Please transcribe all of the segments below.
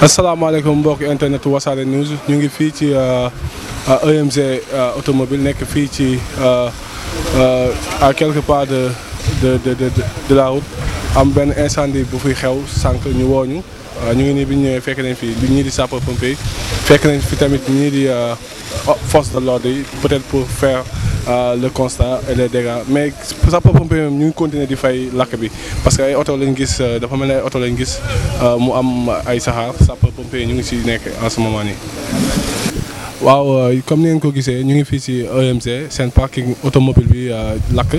asalaamaaleykum mbokki internet wasaare news ñu ngi fii ci EMG euh, euh, e euh, automobile nekk fii ci à quelque part de de de de la route am benn incendie bu fi xew sànq ñu wooñu ñu ngi nii bi ñu ñëwee fekk nañ fi ñii di sapeur pompier fekk nañ fi tamit ñii di force de l'ordre yi peut-être pour faire. Euh, le constat et les dégâts mais sapeurs-pompiers ñu ngi continuer di fay lakk bi parce que ay oto lañ gis euh, dafa mel ne ay oto lañ gis euh, mu am ay saxaar sapeurs-pompiers ñu ngi si nekk en ce moment nii. waaw comme ni ngeen ko gisee ñu ngi fii si EMC seen parking automobile bi lakk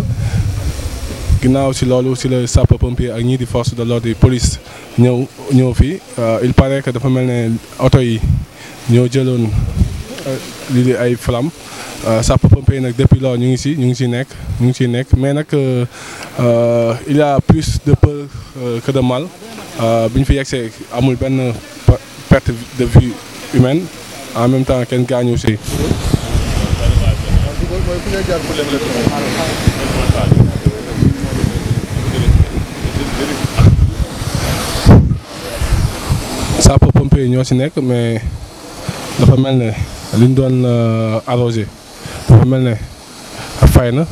ginnaaw si loolu si la sapeurs-pompiers ak ñii di force de l'ordre yi police ñëw ñëw fii il paraît que dafa mel ne oto yi ñoo jëloon. Euh, lii de ay flamme sapeurs-pompiers euh, nag depuis lors ñu ngi si ñu ngi si nekk ñu ngi si nekk mais nag euh, il y a plus de mal bi ñu fi yegsee amul benn perte de vie humaine en même temps kenn gaañu si. sapeurs-pompiers ñoo si nekk mais dafa mel ne. li ñu doon euh, arrosé dafa mel ne fay na.